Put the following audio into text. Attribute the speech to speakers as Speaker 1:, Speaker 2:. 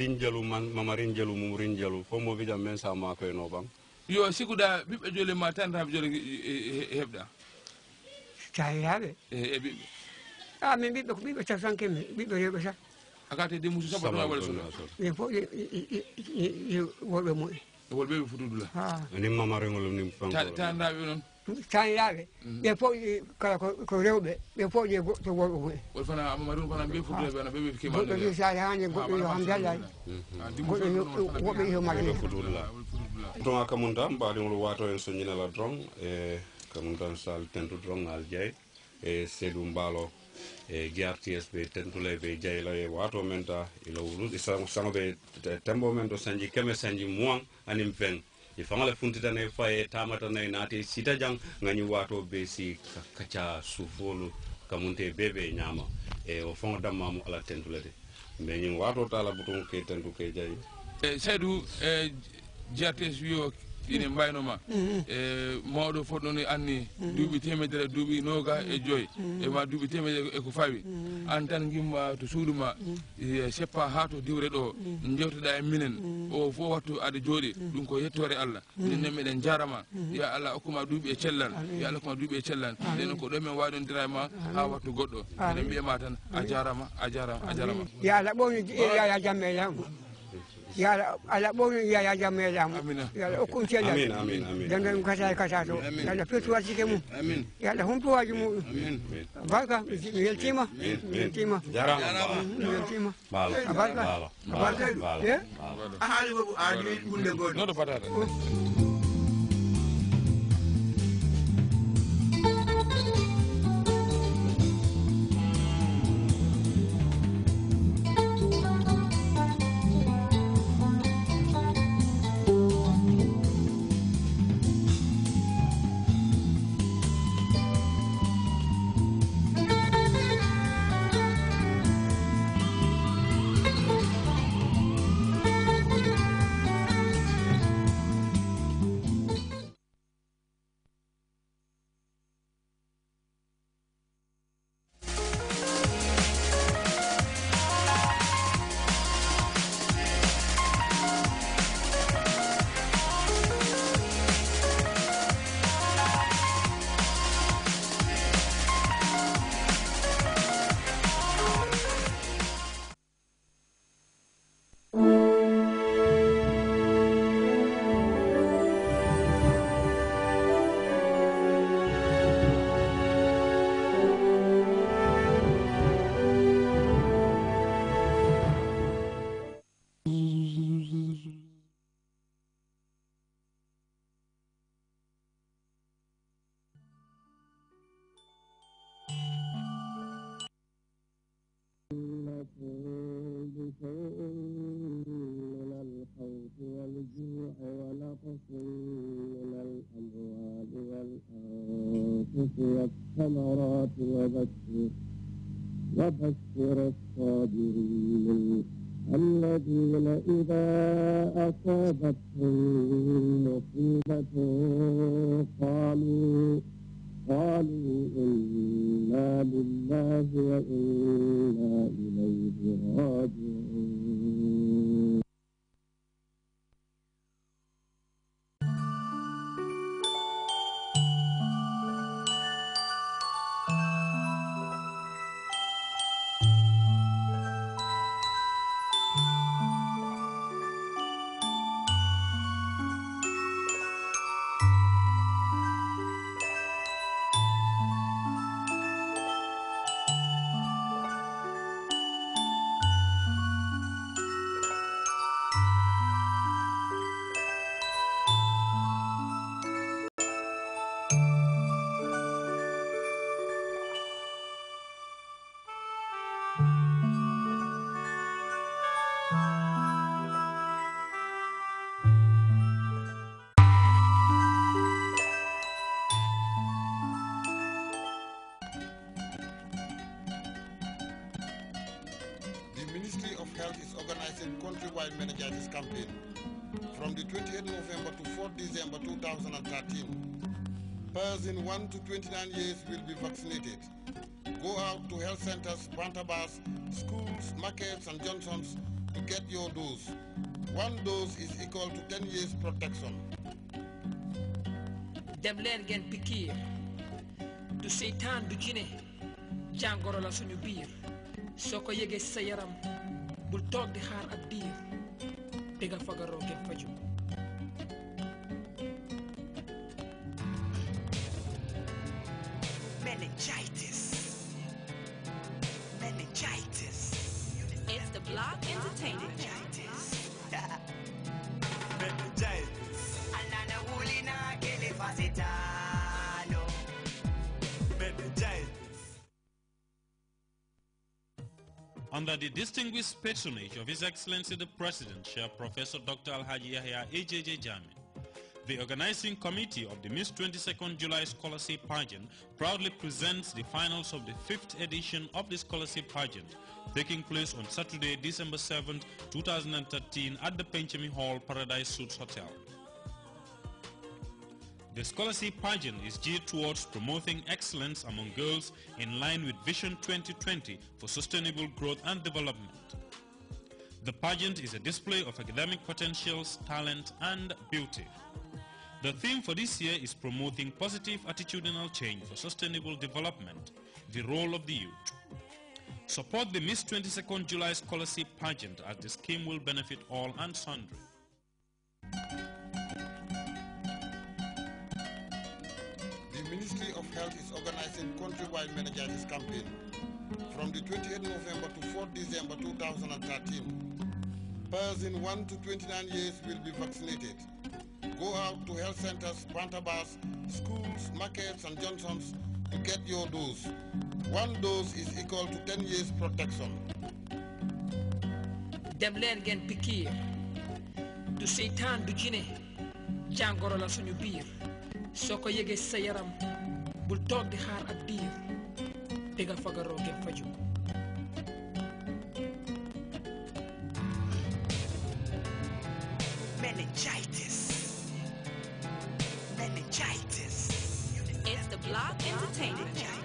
Speaker 1: rinjalu man mama rinjalu mum rinjalu fo mo vijan men sama ko no ban
Speaker 2: yo sikuda
Speaker 1: bibbe jole ma tan tab jole hebda tayabe e bibbe
Speaker 2: a min bibbe ko bibbe tafan kemme bibbe yobe sa akate de musu sabatu ma wala sunna e fo e wobe mo wolbe be futudula ha ni mama rengol
Speaker 1: ni fam ta ta
Speaker 2: ndabe non taniraɓe ɓe fof kala ko rewɓe ɓe fof ƴe goɗɗo worɓe hande
Speaker 1: goɗɗo yo ham goɗɗo woɓɓe yo magane ton a kamum tan mbaɗimol wato en soñinala dron e kamum tan sal tentu dron al jeey e seydou mbaalo e grts ɓe tentula ɓe jayla e wato men ta ila wulu sango tembo men ɗo sañji keme sañji moin anim vingt i faŋa le funtitanaŋ i fa ye taamatanaŋ i sita jaŋ ŋañiŋ waatoo bee si ka kaca suufoolu kamunte bee be ñaama e wo faŋo dammaamu ala tentu le de mbe ñiŋ waatoo taa la butuŋo ke tentu ke jayi
Speaker 2: eh, Seydou eh, ine mm. mbaynoma mm, mm. e mawɗo fotnoni anni duuɓi temedere duuɓi noga e joyi ema duuɓi temedere eko fawi an tan gimma to suuduma e seppa ha to diwre ɗo jewtoɗa e minen o fo wattu aɗa jooɗi ɗum ko yettore allah ninne meɗen jarama ya allah hokkuma duuɓi e cellal ya allah kkuma duuɓi e cellal ndenon ko ɗon min wawinondira ma ha wattu goɗɗo ene mbiyama tan a jarama a jarama a jarama ya allah ɓoyu yaya jamme jam e yalla ala ɓowni yaya jam meeɗamo yalla okkum cellal denden kasa kasa to yalla fettu warsike mum yalla humtowaji muɗum barka mi weltima mi weltima
Speaker 1: mi weltima barka
Speaker 2: barka e haali wogo aadi hunde goɗo والثمرات وبشر وبشر الصابرين الذين إذا أصابتهم مصيبة قالوا قالوا إنا لله وإنا إليه راجعون mobile managers campaign from the 28th November to 4th December 2013. Persons 1 to 29 years will be vaccinated. Go out to health centers, pantabars, schools, markets and junctions to get your dose. One dose is equal to 10 years protection. dem leen ngeen pikiir du seitan du jine jàngoro la suñu biir soo ko yëgee bul tok di xaar ak diir tegal a ngeen faju
Speaker 1: benn jaayit Under the distinguished patronage of His Excellency the President, Chair Professor Dr. Alhaji Yahya AJJ Jami, the organizing committee of the Miss 22nd July Scholarship Pageant proudly presents the finals of the fifth edition of the Scholarship Pageant, taking place on Saturday, December 7, 2013 at the Penchemi Hall Paradise Suites Hotel. The scholarship pageant is geared towards promoting excellence among girls in line with Vision 2020 for sustainable growth and development. The pageant is a display of academic potentials, talent and beauty. The theme for this year is promoting positive attitudinal change for sustainable development, the role of the youth. Support the Miss 22nd July Scholarship Pageant as the scheme will benefit all and sundry.
Speaker 2: Ministry of Health is organizing countrywide meningitis campaign from the 28th November to 4th December 2013. Persons 1 to 29 years will be vaccinated. Go out to health centers, bars, schools, markets and Johnsons to get your dose. One dose is equal to 10 years protection. dem leen ngeen du seytaan du jine, jàngoro la soko ko yëgee sa yaram bul toog di xaar ab diir di nga fagaroo
Speaker 1: ngir faju meningitis meningitis it's the block entertainment